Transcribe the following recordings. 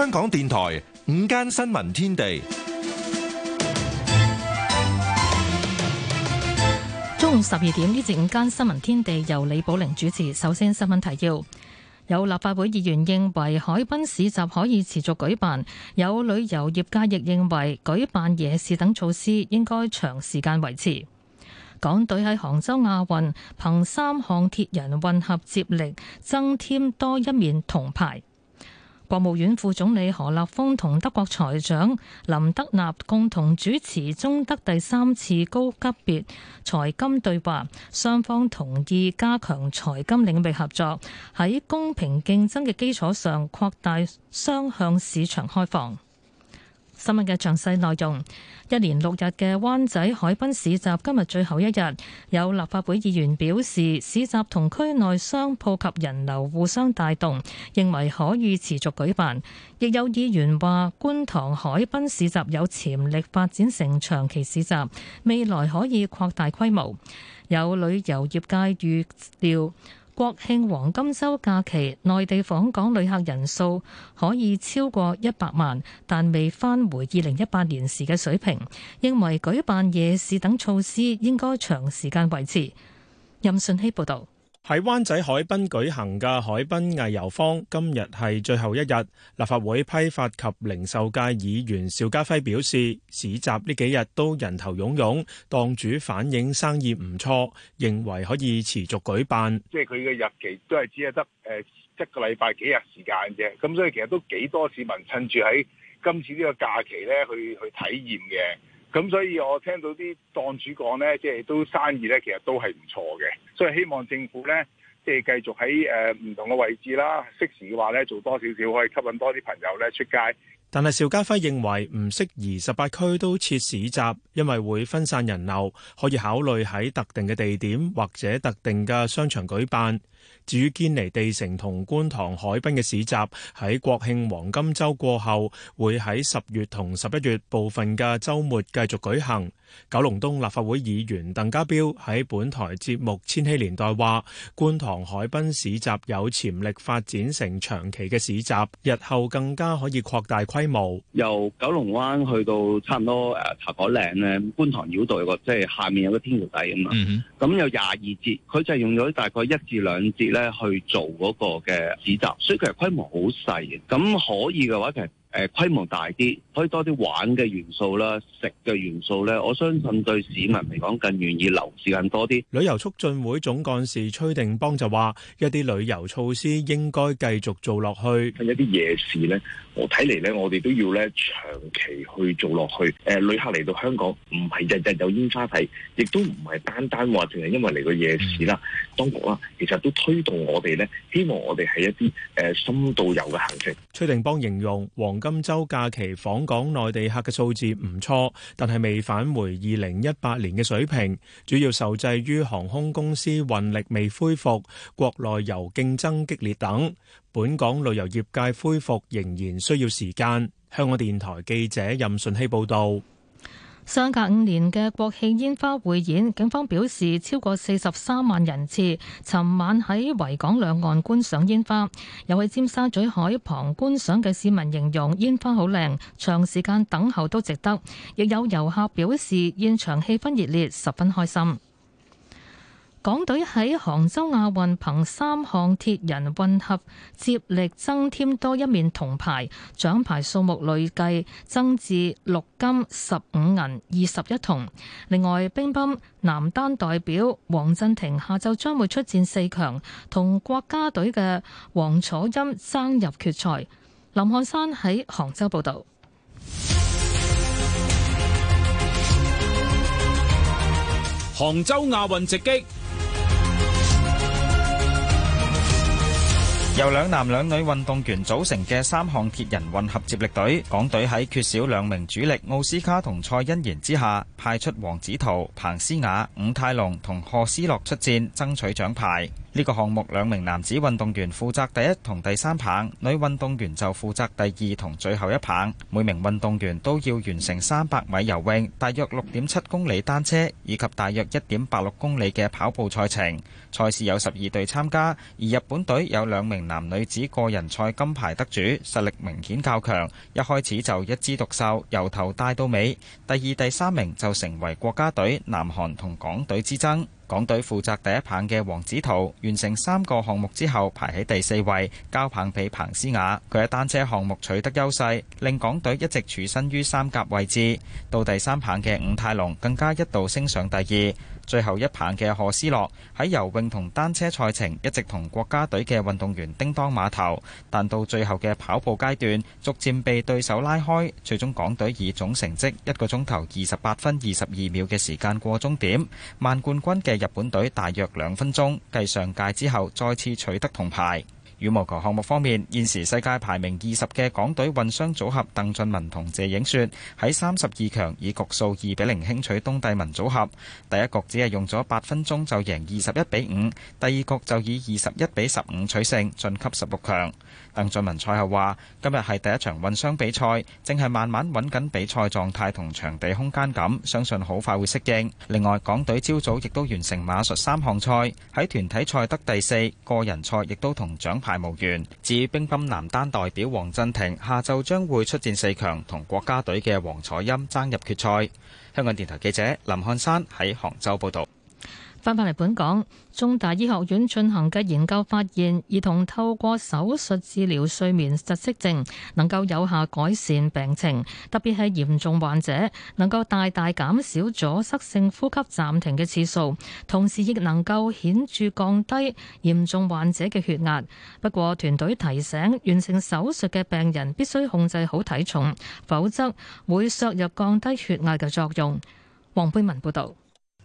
香港電台午間新聞天地，中午十二點，呢節午間新聞天地由李寶玲主持。首先新聞提要：有立法會議員認為海濱市集可以持續舉辦，有旅遊業界亦認為舉辦夜市等措施應該長時間維持。港隊喺杭州亞運憑三項鐵人混合接力增添多一面銅牌。國務院副總理何立峰同德國財長林德納共同主持中德第三次高級別財金對話，雙方同意加強財金領域合作，喺公平競爭嘅基礎上擴大雙向市場開放。新聞嘅詳細內容。一連六日嘅灣仔海濱市集今日最後一日，有立法會議員表示，市集同區內商鋪及人流互相帶動，認為可以持續舉辦。亦有議員話，觀塘海濱市集有潛力發展成長期市集，未來可以擴大規模。有旅遊業界預料，國慶黃金周假期，內地訪港旅客人數可以超過一百萬，但未返回二零一八年時嘅水平，認為舉辦夜市等措施應該長時間維持。任信希報道。喺灣仔海濱舉行嘅海濱藝遊坊今日係最後一日。立法會批發及零售界議員邵家輝表示，市集呢幾日都人頭湧湧，檔主反映生意唔錯，認為可以持續舉辦。即係佢嘅日期都係只係得誒，一個禮拜幾日時間啫。咁所以其實都幾多市民趁住喺今次呢個假期咧，去去體驗嘅。咁所以我聽到啲檔主講咧，即係都生意咧，其實都係唔錯嘅。所以希望政府咧，即係繼續喺誒唔同嘅位置啦，適時嘅話咧，做多少少可以吸引多啲朋友咧出街。但係邵家輝認為唔適宜十八區都設市集，因為會分散人流，可以考慮喺特定嘅地點或者特定嘅商場舉辦。至於堅尼地城同觀塘海濱嘅市集，喺國慶黃金週過後，會喺十月同十一月部分嘅週末繼續舉行。九龍東立法會議員鄧家彪喺本台節目《千禧年代》話：觀塘海濱市集有潛力發展成長期嘅市集，日後更加可以擴大規模。由九龍灣去到差唔多誒、呃、茶果嶺咧，觀塘繞道有個即係下面有個天橋底啊嘛，咁、mm hmm. 嗯、有廿二節，佢就係用咗大概一至兩節咧去做嗰個嘅市集，所以其實規模好細嘅。咁可以嘅話，其實。誒，規模大啲，可以多啲玩嘅元素啦，食嘅元素呢。我相信對市民嚟講更願意留時間多啲。旅遊促進會總幹事崔定邦就話，一啲旅遊措施應該繼續做落去。一啲夜市呢，我睇嚟呢，我哋都要呢長期去做落去。誒、呃，旅客嚟到香港唔係日日有煙花睇，亦都唔係單單話淨係因為嚟個夜市啦。當局啊，其實都推動我哋呢，希望我哋係一啲誒深度遊嘅行程。崔定邦形容今周假期訪港內地客嘅數字唔錯，但係未返回二零一八年嘅水平，主要受制於航空公司運力未恢復、國內遊競爭激烈等。本港旅遊業界恢復仍然需要時間。香港電台記者任順希報道。相隔五年嘅國慶煙花匯演，警方表示超過四十三萬人次尋晚喺維港兩岸觀賞煙花，有喺尖沙咀海旁觀賞嘅市民形容煙花好靚，長時間等候都值得。亦有遊客表示現場氣氛熱烈，十分開心。港隊喺杭州亞運憑三項鐵人混合接力增添多一面銅牌，獎牌數目累計增至六金十五銀二十一銅。另外，乒乓男單代表黃鎮廷下晝將會出戰四強，同國家隊嘅王楚欽爭入決賽。林漢山喺杭州報道。杭州亞運直擊。由兩男兩女運動員組成嘅三項鐵人混合接力隊，港隊喺缺少兩名主力奧斯卡同蔡欣賢之下，派出王子濤、彭思雅、伍泰龍同賀斯樂出戰，爭取獎牌。呢個項目兩名男子運動員負責第一同第三棒，女運動員就負責第二同最後一棒。每名運動員都要完成三百米游泳、大約六點七公里單車以及大約一點八六公里嘅跑步賽程。賽事有十二隊參加，而日本隊有兩名男女子個人賽金牌得主，實力明顯較強，一開始就一枝獨秀，由頭帶到尾。第二、第三名就成為國家隊、南韓同港隊之爭。港隊負責第一棒嘅黃子圖完成三個項目之後排喺第四位，交棒俾彭思雅。佢喺單車項目取得優勢，令港隊一直處身於三甲位置。到第三棒嘅伍泰龍，更加一度升上第二。最後一棒嘅何思樂喺游泳同單車賽程一直同國家隊嘅運動員叮當馬頭，但到最後嘅跑步階段逐漸被對手拉開，最終港隊以總成績一個鐘頭二十八分二十二秒嘅時間過終點，慢冠軍嘅日本隊大約兩分鐘，繼上屆之後再次取得銅牌。羽毛球項目方面，現時世界排名二十嘅港隊混雙組合鄧俊文同謝影雪喺三十二強以局數二比零輕取東帝汶組合，第一局只係用咗八分鐘就贏二十一比五，第二局就以二十一比十五取勝，晉級十六強。鄧俊文賽後話：今日係第一場混雙比賽，正係慢慢搵緊比賽狀態同場地空間感，相信好快會適應。另外，港隊朝早亦都完成馬術三項賽，喺團體賽得第四，個人賽亦都同獎牌無緣。至於乒乓男單代表黃振霆，下晝將會出戰四強，同國家隊嘅王楚欽爭入決賽。香港電台記者林漢山喺杭州報道。翻返嚟本港，中大醫學院進行嘅研究發現，兒童透過手術治療睡眠窒息症，能夠有效改善病情，特別係嚴重患者能夠大大減少阻塞性呼吸暫停嘅次數，同時亦能夠顯著降低嚴重患者嘅血壓。不過，團隊提醒，完成手術嘅病人必須控制好體重，否則會削弱降低血壓嘅作用。黃佩文報導。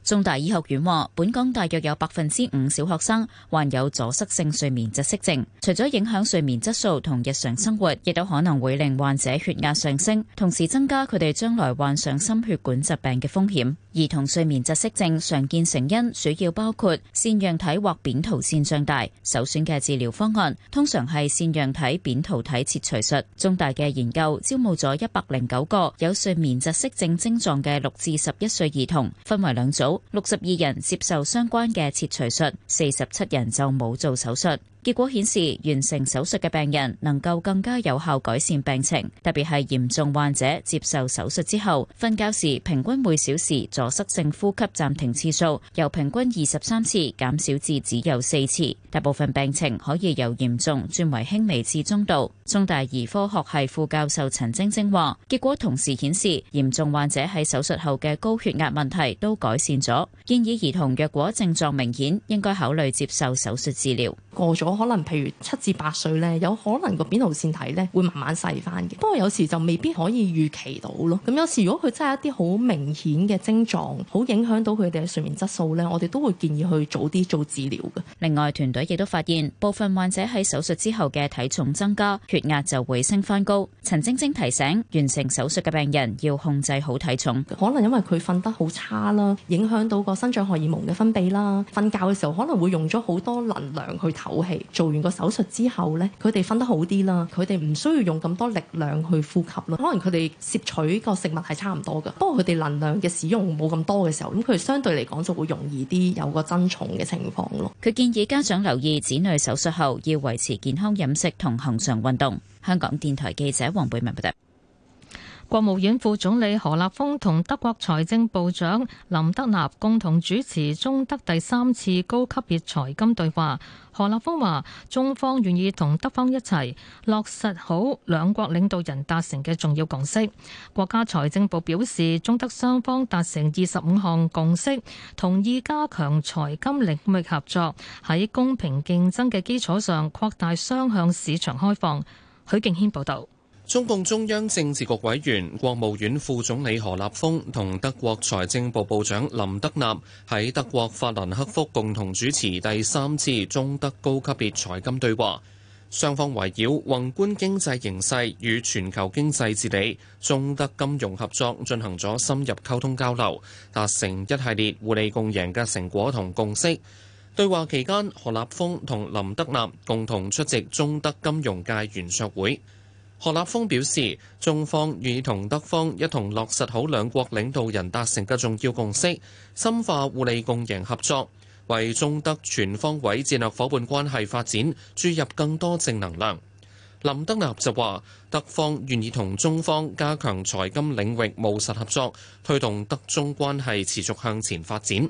中大醫學院話，本港大約有百分之五小學生患有阻塞性睡眠窒息症，除咗影響睡眠質素同日常生活，亦都可能會令患者血壓上升，同時增加佢哋將來患上心血管疾病嘅風險。兒童睡眠窒息症常見成因主要包括腺樣體或扁桃腺增大。首選嘅治療方案通常係腺樣體扁桃體切除術。中大嘅研究招募咗一百零九個有睡眠窒息症症狀嘅六至十一歲兒童，分為兩組，六十二人接受相關嘅切除術，四十七人就冇做手術。結果顯示，完成手術嘅病人能夠更加有效改善病情，特別係嚴重患者接受手術之後瞓覺時平均每小時阻塞性呼吸暫停次數由平均二十三次減少至只有四次，大部分病情可以由嚴重轉為輕微至中度。中大兒科學系副教授陳晶晶話：結果同時顯示，嚴重患者喺手術後嘅高血壓問題都改善咗，建議兒童若果症狀明顯，應該考慮接受手術治療。過咗。可能譬如七至八歲咧，有可能個扁桃腺體咧會慢慢細翻嘅。不過有時就未必可以預期到咯。咁有時如果佢真係一啲好明顯嘅症狀，好影響到佢哋嘅睡眠質素咧，我哋都會建議去早啲做治療嘅。另外團隊亦都發現，部分患者喺手術之後嘅體重增加，血壓就會升翻高。陳晶晶提醒，完成手術嘅病人要控制好體重。可能因為佢瞓得好差啦，影響到個生長荷爾蒙嘅分泌啦。瞓覺嘅時候可能會用咗好多能量去唞氣。做完個手術之後呢，佢哋瞓得好啲啦，佢哋唔需要用咁多力量去呼吸咯。可能佢哋攝取個食物係差唔多嘅，不過佢哋能量嘅使用冇咁多嘅時候，咁佢相對嚟講就會容易啲有個增重嘅情況咯。佢建議家長留意子女手術後要維持健康飲食同恒常運動。香港電台記者黃貝文報道。國務院副總理何立峰同德國財政部長林德納共同主持中德第三次高級別財金對話。何立峰話：中方願意同德方一齊落實好兩國領導人達成嘅重要共識。國家財政部表示，中德雙方達成二十五項共識，同意加強財金領域合作，喺公平競爭嘅基礎上擴大雙向市場開放。許敬軒報道。中共中央政治局委員、國務院副總理何立峰同德國財政部部長林德納喺德國法蘭克福共同主持第三次中德高級別財金對話，雙方圍繞宏觀經濟形勢與全球經濟治理、中德金融合作進行咗深入溝通交流，達成一系列互利共贏嘅成果同共識。對話期間，何立峰同林德納共同出席中德金融界圓桌會。何立峰表示，中方願意同德方一同落實好兩國領導人達成嘅重要共識，深化互利共贏合作，為中德全方位戰略伙伴關係發展注入更多正能量。林德納就話，德方願意同中方加強財金領域務實合作，推動德中關係持續向前發展。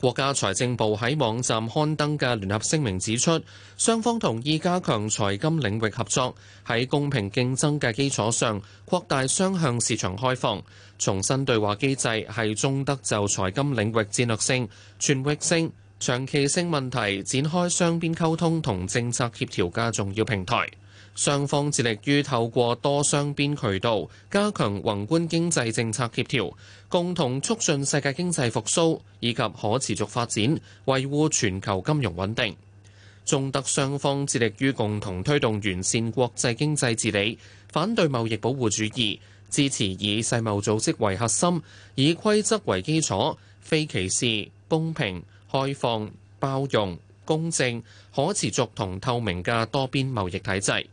國家財政部喺網站刊登嘅聯合聲明指出，雙方同意加強財金領域合作，喺公平競爭嘅基礎上擴大雙向市場開放，重申對話機制係中德就財金領域戰略性、全域性、長期性問題展開雙邊溝通同政策協調嘅重要平台。雙方致力於透過多雙邊渠道加強宏觀經濟政策協調，共同促進世界經濟復甦以及可持續發展，維護全球金融穩定。中德雙方致力於共同推動完善國際經濟治理，反對貿易保護主義，支持以世貿組織為核心、以規則為基礎、非歧視、公平、開放、包容、公正、可持續同透明嘅多邊貿易體制。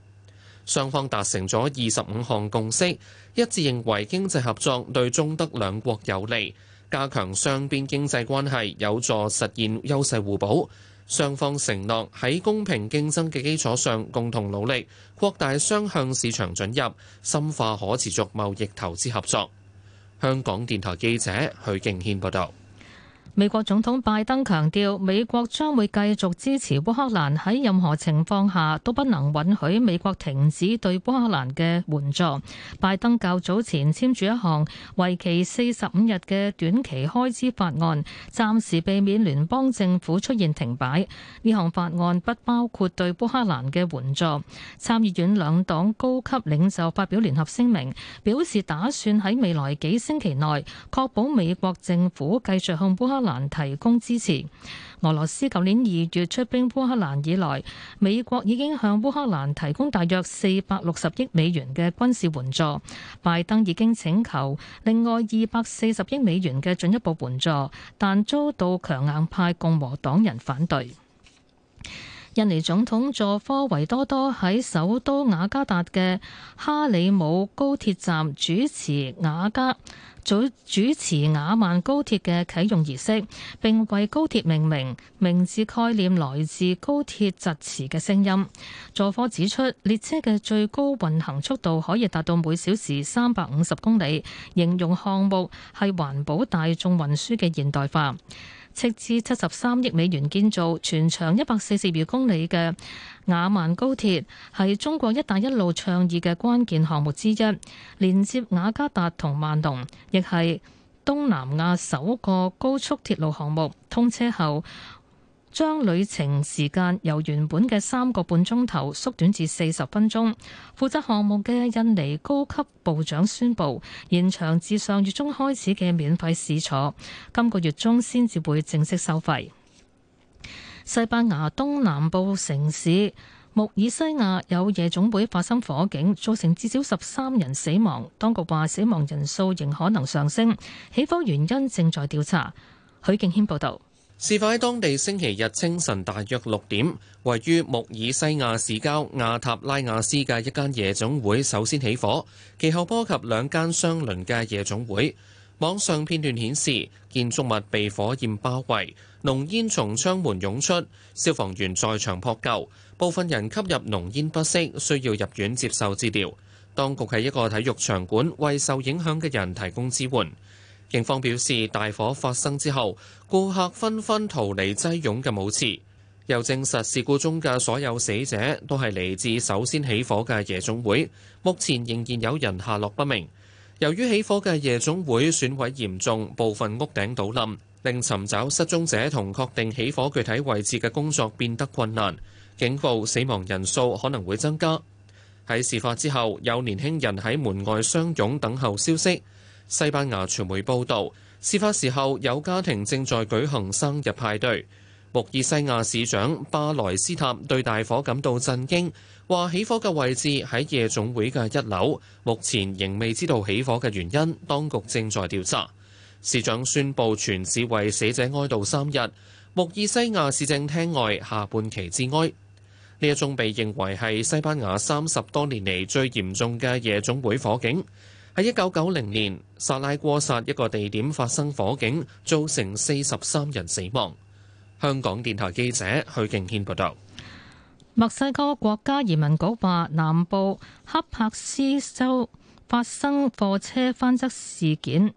雙方達成咗二十五項共識，一致認為經濟合作對中德兩國有利，加強雙邊經濟關係有助實現優勢互補。雙方承諾喺公平競爭嘅基礎上共同努力，擴大雙向市場准入，深化可持續貿易投資合作。香港電台記者許敬軒報道。美國總統拜登強調，美國將會繼續支持烏克蘭，喺任何情況下都不能允許美國停止對烏克蘭嘅援助。拜登較早前簽署一項為期四十五日嘅短期開支法案，暫時避免聯邦政府出現停擺。呢項法案不包括對烏克蘭嘅援助。參議院兩黨高級領袖發表聯合聲明，表示打算喺未來幾星期內確保美國政府繼續向烏克蘭。提供支持。俄羅斯舊年二月出兵烏克蘭以來，美國已經向烏克蘭提供大約四百六十億美元嘅軍事援助。拜登已經請求另外二百四十億美元嘅進一步援助，但遭到強硬派共和黨人反對。印尼總統佐科維多多喺首都雅加達嘅哈里姆高鐵站主持雅加組，主持雅萬高鐵嘅啟用儀式，並為高鐵命名。名字概念來自高鐵疾馳嘅聲音。佐科指出，列車嘅最高運行速度可以達到每小時三百五十公里，形容項目係環保大眾運輸嘅現代化。斥資七十三億美元建造，全長一百四十餘公里嘅雅萬高鐵，係中國「一帶一路」倡議嘅關鍵項目之一，連接雅加達同萬隆，亦係東南亞首個高速鐵路項目。通車後，將旅程時間由原本嘅三個半鐘頭縮短至四十分鐘。負責項目嘅印尼高級部長宣布，延長至上月中開始嘅免費試坐，今個月中先至會正式收費。西班牙東南部城市穆爾西亞有夜總會發生火警，造成至少十三人死亡。當局話死亡人數仍可能上升，起火原因正在調查。許敬軒報導。事發喺當地星期日清晨大約六點，位於穆爾西亞市郊亞塔拉亞斯嘅一間夜總會首先起火，其後波及兩間相鄰嘅夜總會。網上片段顯示建築物被火焰包圍，濃煙從窗門湧出，消防員在場撲救，部分人吸入濃煙不適，需要入院接受治療。當局喺一個體育場館為受影響嘅人提供支援。警方表示，大火發生之後顧客紛紛逃離擠擁嘅舞池。又證實事故中嘅所有死者都係嚟自首先起火嘅夜總會，目前仍然有人下落不明。由於起火嘅夜總會損毀嚴重，部分屋頂倒冧，令尋找失蹤者同確定起火具體位置嘅工作變得困難，警告死亡人數可能會增加。喺事發之後，有年輕人喺門外相擁等候消息。西班牙傳媒報道，事發時候有家庭正在舉行生日派對，穆爾西亞市長巴萊斯塔對大火感到震驚，話起火嘅位置喺夜總會嘅一樓，目前仍未知道起火嘅原因，當局正在調查。市長宣布全市為死者哀悼三日，穆爾西亞市政廳外下半旗致哀。呢一宗被認為係西班牙三十多年嚟最嚴重嘅夜總會火警。喺一九九零年，薩拉戈薩一個地點發生火警，造成四十三人死亡。香港電台記者許敬軒報導。墨西哥國家移民局話，南部恰帕斯州發生貨車翻側事件，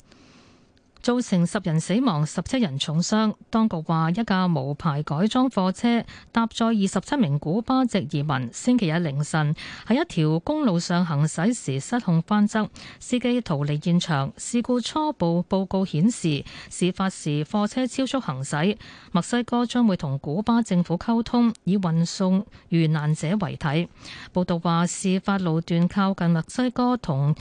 造成十人死亡、十七人重傷。當局話，一架無牌改裝貨車搭載二十七名古巴籍移民，星期日凌晨喺一條公路上行駛時失控翻側，司機逃離現場。事故初步報告顯示，事發時貨車超速行駛。墨西哥將會同古巴政府溝通，以運送遇難者遺體。報道話，事發路段靠近墨西哥同。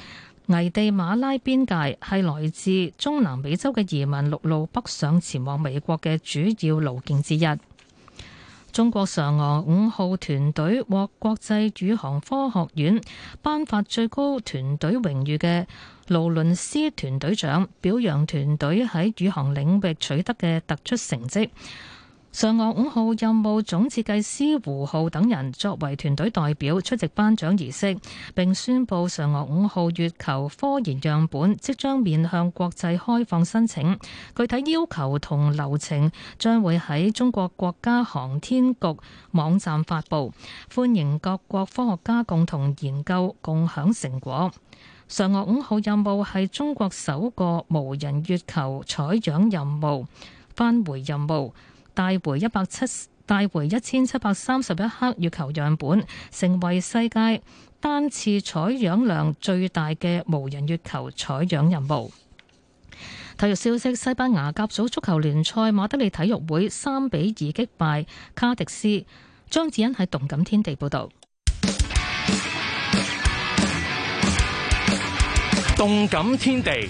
危地馬拉邊界，係來自中南美洲嘅移民陸路北上前往美國嘅主要路徑之一。中國嫦娥五號團隊獲國際宇航科學院頒發最高團隊榮譽嘅勞倫斯團隊獎，表揚團隊喺宇航領域取得嘅突出成績。嫦娥五號任務總設計師胡浩等人作為團隊代表出席頒獎儀式，並宣布嫦娥五號月球科研樣本即將面向國際開放申請，具體要求同流程將會喺中國國家航天局網站發布，歡迎各國科學家共同研究、共享成果。嫦娥五號任務係中國首個無人月球採樣任務、返回任務。帶回一百七帶回一千七百三十一克月球樣本，成為世界單次採樣量最大嘅無人月球採樣任務。體育消息：西班牙甲組足球聯賽馬德里體育會三比二擊敗卡迪斯。張子欣喺動感天地報道。動感天地。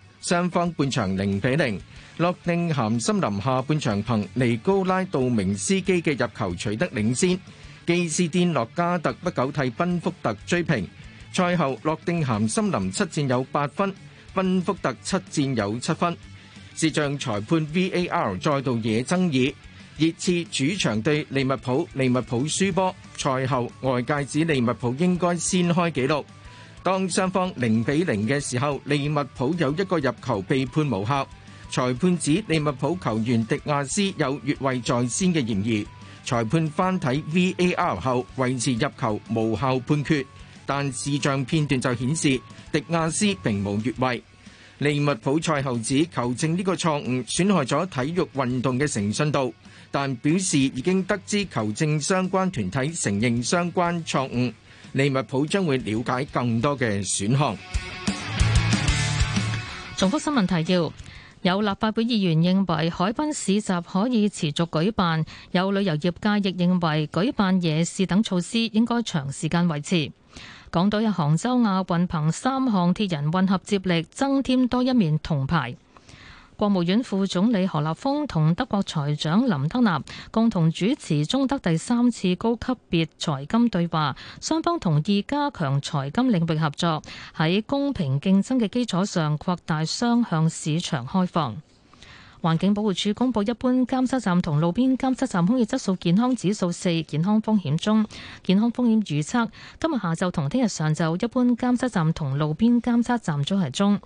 雙方半場零比零，諾定咸森林下半場憑尼高拉道明斯基嘅入球取得領先，基斯甸諾加特不久替賓福特追平。賽後諾定咸森林七戰有八分，賓福特七戰有七分。視像裁判 VAR 再度惹爭議，熱刺主場對利物浦，利物浦輸波。賽後外界指利物浦應該先開紀錄。當雙方零比零嘅時候，利物浦有一個入球被判無效，裁判指利物浦球員迪亞斯有越位在先嘅嫌疑，裁判翻睇 VAR 後維持入球無效判決，但視像片段就顯示迪亞斯並無越位。利物浦賽後指球證呢個錯誤損害咗體育運動嘅誠信度，但表示已經得知球證相關團體承認相關錯誤。利物浦將會了解更多嘅選項。重複新聞提要：有立法會議員認為海濱市集可以持續舉辦，有旅遊業界亦認為舉辦夜市等措施應該長時間維持。港隊日、杭州亞運憑三項鐵人混合接力增添多一面銅牌。國務院副總理何立峰同德國財長林德納共同主持中德第三次高級別財金對話，雙方同意加強財金領域合作，喺公平競爭嘅基礎上擴大雙向市場開放。環境保護署公布，一般監測站同路邊監測站空氣質素健康指數四，健康風險中，健康風險預測今日下晝同聽日上晝一般監測站同路邊監測站都係中。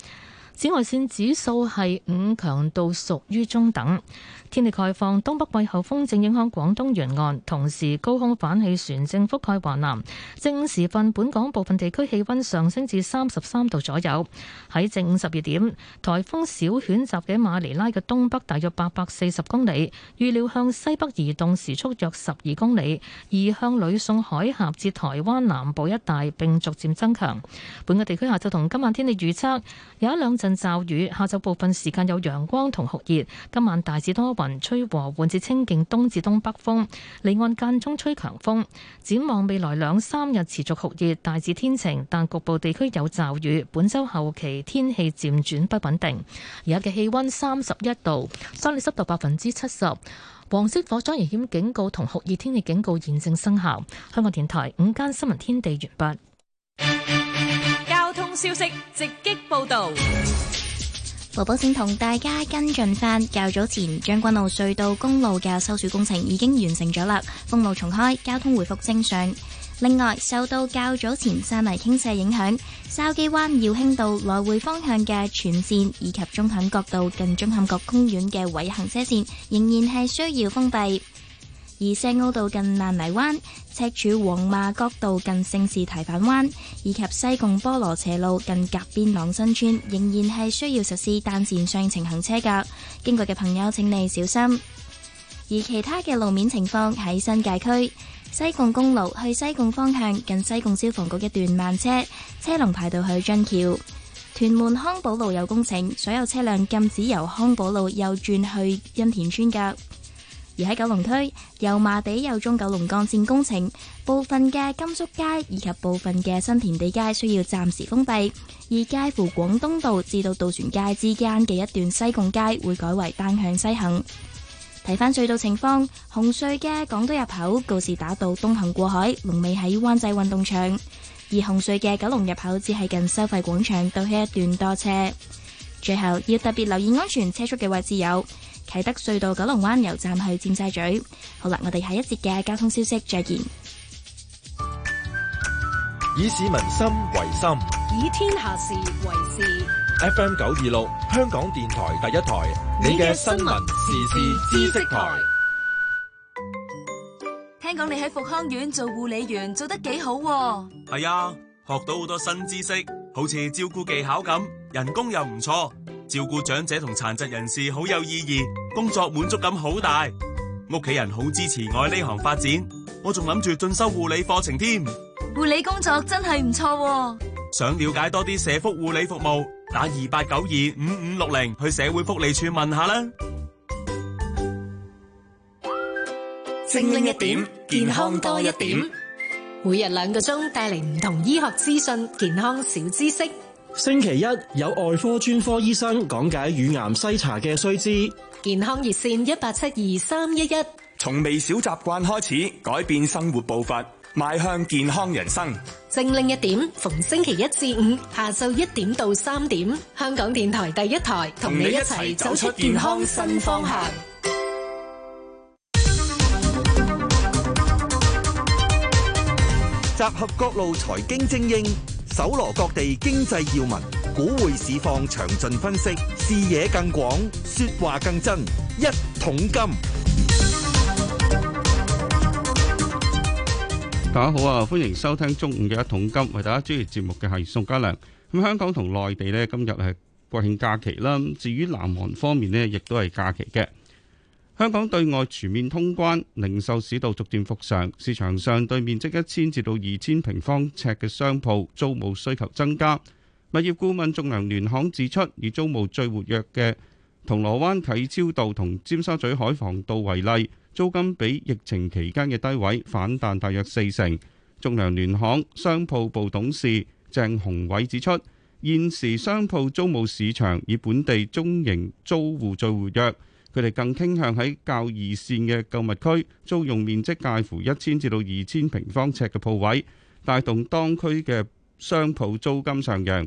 紫外線指數係五強度，屬於中等。天氣。概況：東北季候風正影響廣東沿岸，同時高空反氣旋正覆蓋華南。正午時分，本港部分地區氣温上升至三十三度左右。喺正午十二點，台風小犬襲擊馬尼拉嘅東北，大約八百四十公里，預料向西北移動時速約十二公里，移向呂宋海峽至台灣南部一帶，並逐漸增強。本個地區下晝同今晚天氣預測有一兩。陣驟雨，下晝部分時間有陽光同酷熱。今晚大致多雲，吹和緩至清勁東至東北風，離岸間中吹強風。展望未來兩三日持續酷熱，大致天晴，但局部地區有驟雨。本周後期天氣漸轉不穩定。而家嘅氣溫三十一度，相對濕度百分之七十。黃色火災危險警告同酷熱天氣警告現正生效。香港電台午間新聞天地完畢。消息直擊報道，寶寶先同大家跟進翻。較早前將軍澳隧道公路嘅修樹工程已經完成咗啦，封路重開，交通回復正常。另外，受到較早前山泥傾瀉影響，筲箕灣耀興道來回方向嘅全線以及舂坎角道近舂坎角公園嘅違行車線仍然係需要封閉。而石澳道近爛泥灣、赤柱黃馬角道近聖士提反灣，以及西貢菠蘿斜路近甲邊朗新村，仍然係需要實施單線雙程行車噶，經過嘅朋友請你小心。而其他嘅路面情況喺新界區，西貢公路去西貢方向近西貢消防局一段慢車，車龍排到去津橋。屯門康寶路有工程，所有車輛禁止由康寶路右轉去欣田村噶。而喺九龍區，油麻地有中九龍幹線工程，部分嘅甘肅街以及部分嘅新填地街需要暫時封閉，而介乎廣東道至到渡船街之間嘅一段西貢街會改為單向西行。睇翻隧道情況，紅隧嘅港島入口告士打道東行過海，龍尾喺灣仔運動場；而紅隧嘅九龍入口只係近收費廣場，到起一段多車。最後要特別留意安全車速嘅位置有。啟德隧道九龍灣油站去尖沙咀。好啦，我哋下一節嘅交通消息再見。以市民心為心，以天下事為事。FM 九二六，香港電台第一台，你嘅新聞時事知識台。聽講你喺福康苑做護理員做得幾好、啊，係啊，學到好多新知識，好似照顧技巧咁，人工又唔錯。照顧長者同殘疾人士好有意義，工作滿足感好大，屋企人好支持我喺呢行發展，我仲諗住進修護理課程添。護理工作真係唔錯。啊，想了解多啲社福護理服務，打二八九二五五六零去社會福利處問下啦。精靈一點，健康多一點，每日兩個鐘帶嚟唔同醫學資訊、健康小知識。星期一有外科專科醫生講解乳癌篩查嘅須知。健康熱線一八七二三一一。從微小習慣開始，改變生活步伐，邁向健康人生。精靈一點，逢星期一至五下晝一點到三點，香港電台第一台同你一齊走出健康新方向。集合各路財經精英。搜羅各地經濟要聞，股匯市況詳盡分析，視野更廣，說話更真。一桶金，大家好啊，歡迎收聽中午嘅《一桶金》，為大家主持節目嘅係宋嘉良。咁香港同內地呢，今日係國慶假期啦。至於南韓方面呢，亦都係假期嘅。香港對外全面通關，零售市道逐漸復常，市場上對面積一千至到二千平方尺嘅商鋪租務需求增加。物業顧問仲量聯行指出，以租務最活躍嘅銅鑼灣啟超道同尖沙咀海防道為例，租金比疫情期間嘅低位反彈大約四成。仲量聯行商鋪部董事鄭雄偉指出，現時商鋪租務市場以本地中型租戶最活躍。佢哋更傾向喺較二線嘅購物區租用面積介乎一千至到二千平方尺嘅鋪位，帶動當區嘅商鋪租金上揚。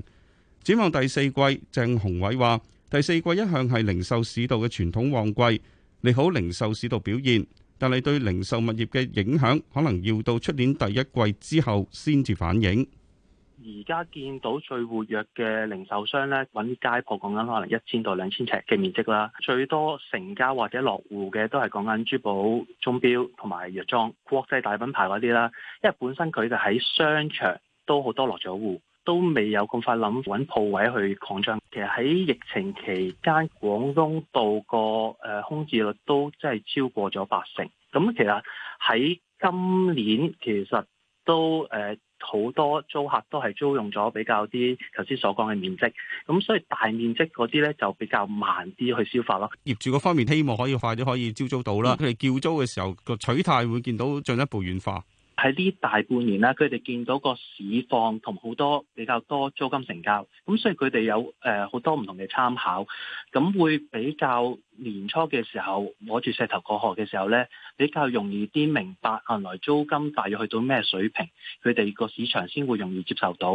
展望第四季，鄭雄偉話：第四季一向係零售市道嘅傳統旺季，利好零售市道表現，但係對零售物業嘅影響可能要到出年第一季之後先至反映。而家見到最活躍嘅零售商呢，揾街鋪講緊可能一千到兩千尺嘅面積啦，最多成交或者落戶嘅都係講緊珠寶、鐘錶同埋藥妝國際大品牌嗰啲啦，因為本身佢哋喺商場都好多落咗戶，都未有咁快諗揾鋪位去擴張。其實喺疫情期間，廣東道個誒、呃、空置率都真係超過咗八成。咁其實喺今年其實都誒。呃好多租客都係租用咗比較啲頭先所講嘅面積，咁所以大面積嗰啲咧就比較慢啲去消化咯。業主嗰方面希望可以快啲可以招租到啦，佢哋、嗯、叫租嘅時候個取態會見到進一步軟化。喺呢大半年啦，佢哋見到個市況同好多比較多租金成交，咁所以佢哋有誒好多唔同嘅參考，咁會比較年初嘅時候摸住石頭過河嘅時候咧，比較容易啲明白原來租金大約去到咩水平，佢哋個市場先會容易接受到，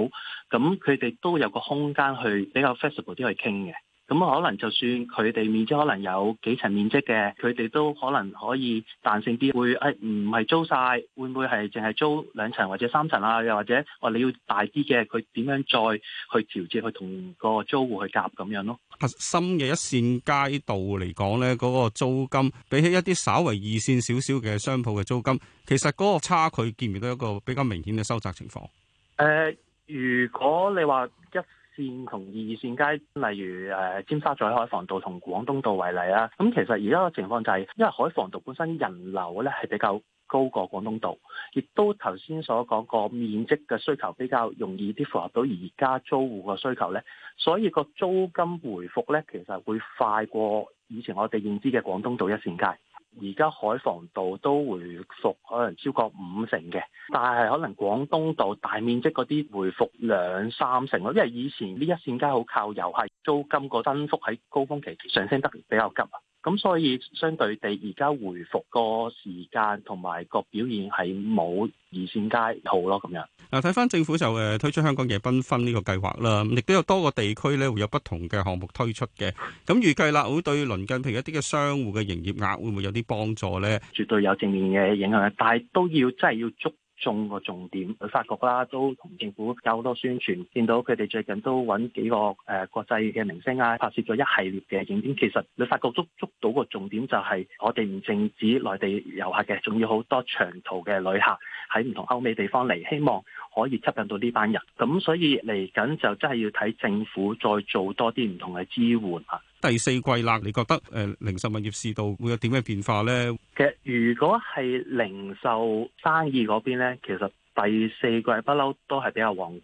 咁佢哋都有個空間去比較 flexible 啲去傾嘅。咁可能就算佢哋面積可能有幾層面積嘅，佢哋都可能可以彈性啲，會誒唔係租晒，會唔會係淨係租兩層或者三層啊？又或者話你要大啲嘅，佢點樣再去調節去同個租戶去夾咁樣咯。深嘅一線街道嚟講，呢嗰個租金比起一啲稍為二線少少嘅商鋪嘅租金，其實嗰個差距見唔見到一個比較明顯嘅收窄情況？誒、呃，如果你話一線同二線街，例如誒尖沙咀海防道同廣東道為例啦。咁其實而家嘅情況就係，因為海防道本身人流咧係比較高過廣東道，亦都頭先所講個面積嘅需求比較容易啲符合到而家租戶嘅需求咧，所以個租金回復咧其實會快過以前我哋認知嘅廣東道一線街。而家海防道都回復可能超過五成嘅，但係可能廣東道大面積嗰啲回復兩三成咯，因為以前呢一線街好靠遊，係租金個增幅喺高峰期上升得比較急啊。咁所以相對地，而家回復個時間同埋個表現係冇二線街好咯，咁樣嗱，睇翻政府就誒推出香港夜繽紛呢個計劃啦，亦都有多個地區咧會有不同嘅項目推出嘅。咁預計啦，會對鄰近譬如一啲嘅商戶嘅營業額會唔會有啲幫助咧？絕對有正面嘅影響，但係都要真係要捉中個重點，旅發局啦，都同政府較多宣傳，見到佢哋最近都揾幾個誒、呃、國際嘅明星啊，拍攝咗一系列嘅影片。其實旅發局捉捉到個重點，就是，就係我哋唔淨止內地遊客嘅，仲要好多長途嘅旅客喺唔同歐美地方嚟希望。可以吸引到呢班人，咁所以嚟緊就真係要睇政府再做多啲唔同嘅支援啊！第四季啦，你覺得誒、呃、零售物業市道會有點咩變化呢？其實，如果係零售生意嗰邊呢，其實第四季不嬲都係比較旺季，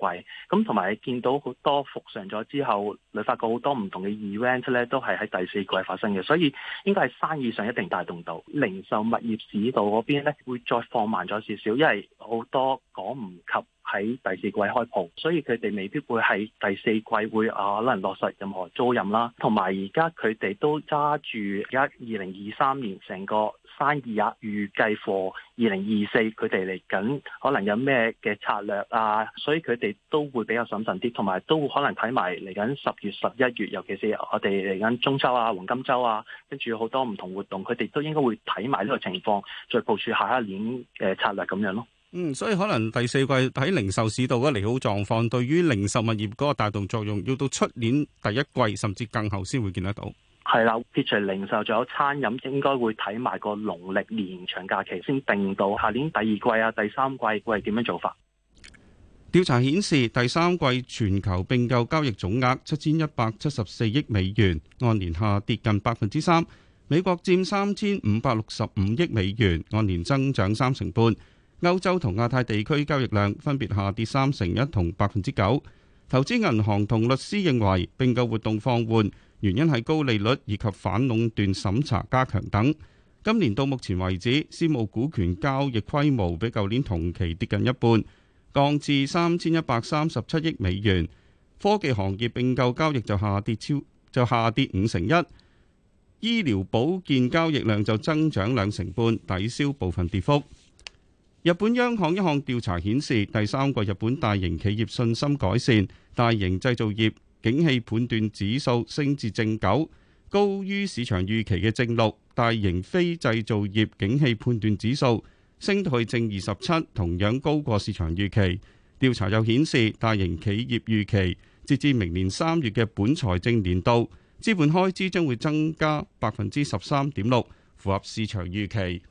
咁同埋你見到好多復常咗之後，你發覺好多唔同嘅 event 咧，都係喺第四季發生嘅，所以應該係生意上一定大動到零售物業市道嗰邊咧，會再放慢咗少少，因為好多講唔及。喺第四季開鋪，所以佢哋未必會喺第四季會啊，可能落實任何租任啦。同埋而家佢哋都揸住而家二零二三年成個生意啊，預計貨二零二四，佢哋嚟緊可能有咩嘅策略啊，所以佢哋都會比較審慎啲，同埋都可能睇埋嚟緊十月十一月，尤其是我哋嚟緊中秋啊、黃金周啊，跟住好多唔同活動，佢哋都應該會睇埋呢個情況，再部署下一年嘅策略咁樣咯。嗯，所以可能第四季喺零售市道嘅利好狀況，對於零售物業嗰個帶動作用，要到出年第一季甚至更後先會見得到。係啦，撇除零售，仲有餐飲，應該會睇埋個農曆年長假期先定到下年第二季啊，第三季會係點樣做法？調查顯示，第三季全球併購交易總額七千一百七十四億美元，按年下跌近百分之三。美國佔三千五百六十五億美元，按年增長三成半。歐洲同亞太地區交易量分別下跌三成一同百分之九。投資銀行同律師認為並購活動放緩，原因係高利率以及反壟斷審查加強等。今年到目前為止，私募股權交易規模比舊年同期跌近一半，降至三千一百三十七億美元。科技行業並購交易就下跌超就下跌五成一，醫療保健交易量就增長兩成半，抵消部分跌幅。日本央行一項調查顯示，第三季日本大型企業信心改善，大型製造業景氣判斷指數升至正九，高於市場預期嘅正六；大型非製造業景氣判斷指數升到正二十七，同樣高過市場預期。調查又顯示，大型企業預期截至明年三月嘅本財政年度資本開支將會增加百分之十三點六，符合市場預期。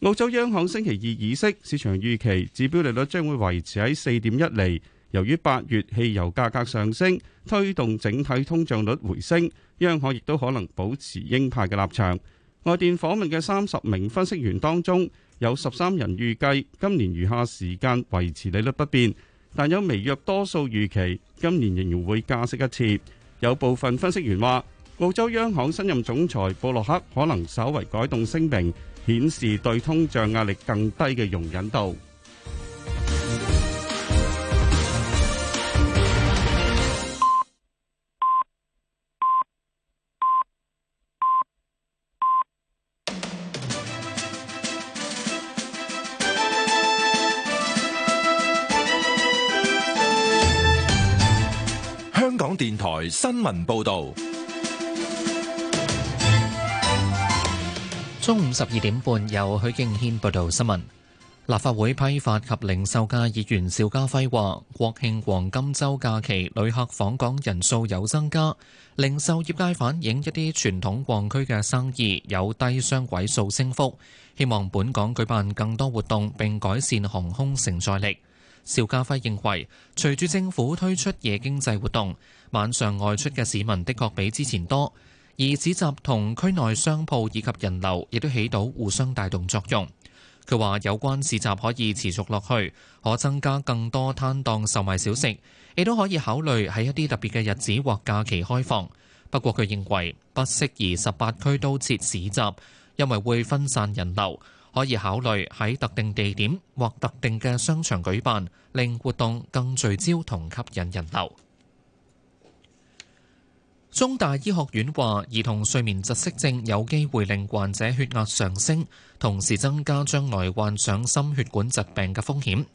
澳洲央行星期二議息，市場預期指標利率將會維持喺四點一厘。由於八月汽油價格上升，推動整體通脹率回升，央行亦都可能保持鷹派嘅立場。外電訪問嘅三十名分析員當中有十三人預計今年餘下時間維持利率不變，但有微弱多數預期今年仍然會加息一次。有部分分析員話，澳洲央行新任總裁布洛克可能稍為改動聲明。顯示對通脹壓力更低嘅容忍度。香港電台新聞報導。中午十二點半，有許敬軒報道新聞。立法會批發及零售界議員邵家輝話：國慶黃金週假期旅客訪港人數有增加，零售業界反映一啲傳統旺區嘅生意有低雙位數升幅。希望本港舉辦更多活動並改善航空承載力。邵家輝認為，隨住政府推出夜經濟活動，晚上外出嘅市民的確比之前多。而市集同區內商鋪以及人流亦都起到互相帶動作用。佢話有關市集可以持續落去，可增加更多攤檔售賣小食，亦都可以考慮喺一啲特別嘅日子或假期開放。不過佢認為不適宜十八區都設市集，因為會分散人流，可以考慮喺特定地點或特定嘅商場舉辦，令活動更聚焦同吸引人流。中大醫學院話：兒童睡眠窒息症有機會令患者血壓上升，同時增加將來患上心血管疾病嘅風險。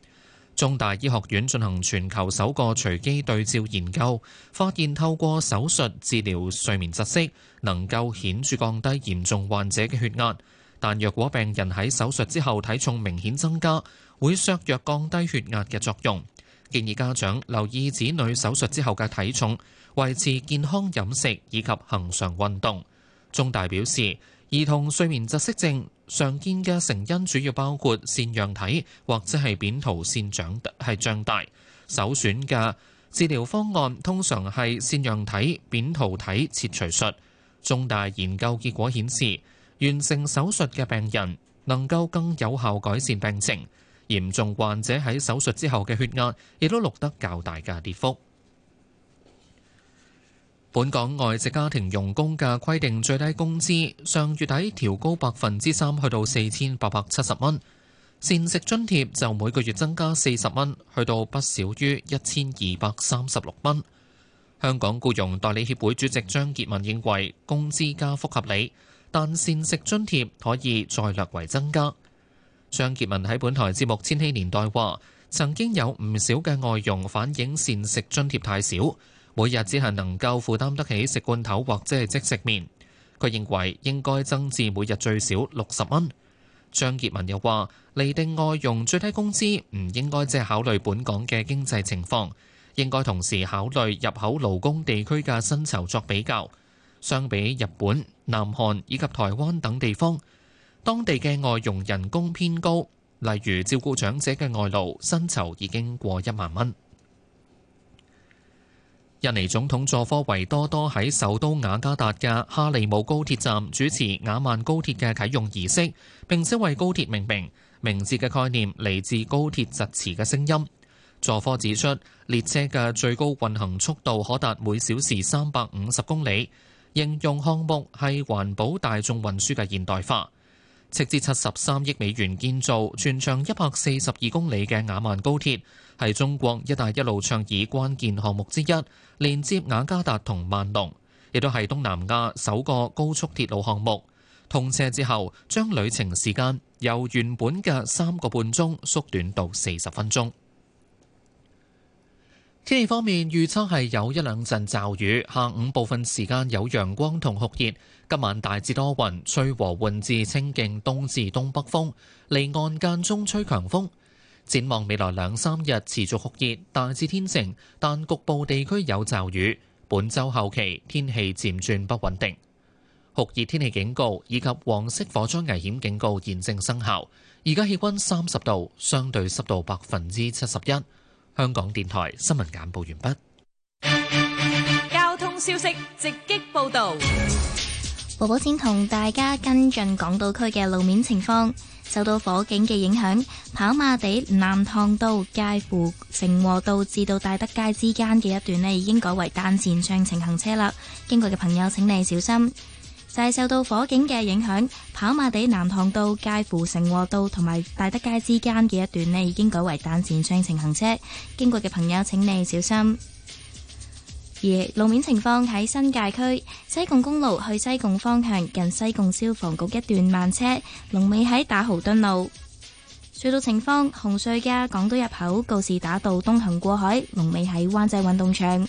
中大醫學院進行全球首個隨機對照研究，發現透過手術治療睡眠窒息，能夠顯著降低嚴重患者嘅血壓，但若果病人喺手術之後體重明顯增加，會削弱降低血壓嘅作用。建議家長留意子女手術之後嘅體重，維持健康飲食以及恒常運動。中大表示，兒童睡眠窒息症常見嘅成因主要包括腺樣體或者係扁桃腺長係脹大。首選嘅治療方案通常係腺樣體扁桃體切除術。中大研究結果顯示，完成手術嘅病人能夠更有效改善病情。嚴重患者喺手術之後嘅血壓亦都錄得較大嘅跌幅。本港外籍家庭傭工嘅規定最低工資上月底調高百分之三，去到四千八百七十蚊。膳食津貼就每個月增加四十蚊，去到不少於一千二百三十六蚊。香港僱傭代理協會主席張傑文認為工資加幅合理，但膳食津貼可以再略為增加。張傑文喺本台節目《千禧年代》話：曾經有唔少嘅外傭反映，膳食津貼太少，每日只係能夠負擔得起食罐頭或者係即食麵。佢認為應該增至每日最少六十蚊。張傑文又話：釐定外傭最低工資唔應該只考慮本港嘅經濟情況，應該同時考慮入口勞工地區嘅薪酬作比較。相比日本、南韓以及台灣等地方。當地嘅外傭人工偏高，例如照顧長者嘅外勞薪酬已經過一萬蚊。印尼總統佐科維多多喺首都雅加達嘅哈利姆高鐵站主持雅萬高鐵嘅啟用儀式，並且為高鐵命名。名字嘅概念嚟自高鐵疾馳嘅聲音。佐科指出，列車嘅最高運行速度可達每小時三百五十公里，形容項目係環保大眾運輸嘅現代化。斥資七十三億美元建造，全長一百四十二公里嘅雅萬高鐵，係中國“一帶一路”倡議關鍵項目之一，連接雅加達同萬隆，亦都係東南亞首個高速鐵路項目。通車之後，將旅程時間由原本嘅三個半鐘縮短到四十分鐘。天氣方面，預測係有一兩陣驟雨，下午部分時間有陽光同酷熱。今晚大致多雲，吹和緩至清勁東至東北風，離岸間中吹強風。展望未來兩三日持續酷熱，大致天晴，但局部地區有驟雨。本週後期天氣漸轉不穩定。酷熱天氣警告以及黃色火災危險警告現正生效。而家氣溫三十度，相對濕度百分之七十一。香港電台新聞簡報完畢。交通消息直擊報道，寶寶先同大家跟進港島區嘅路面情況。受到火警嘅影響，跑馬地藍塘道介乎成和道至到大德街之間嘅一段咧，已經改為單線雙程行車啦。經過嘅朋友，請你小心。就係受到火警嘅影響，跑馬地南塘道介乎成和道同埋大德街之間嘅一段咧，已經改為單線雙程行車，經過嘅朋友，請你小心。而路面情況喺新界區西貢公路去西貢方向近西貢消防局一段慢車，龍尾喺打豪敦路。隧道情況，紅隧嘅港島入口告士打道東行過海，龍尾喺灣仔運動場。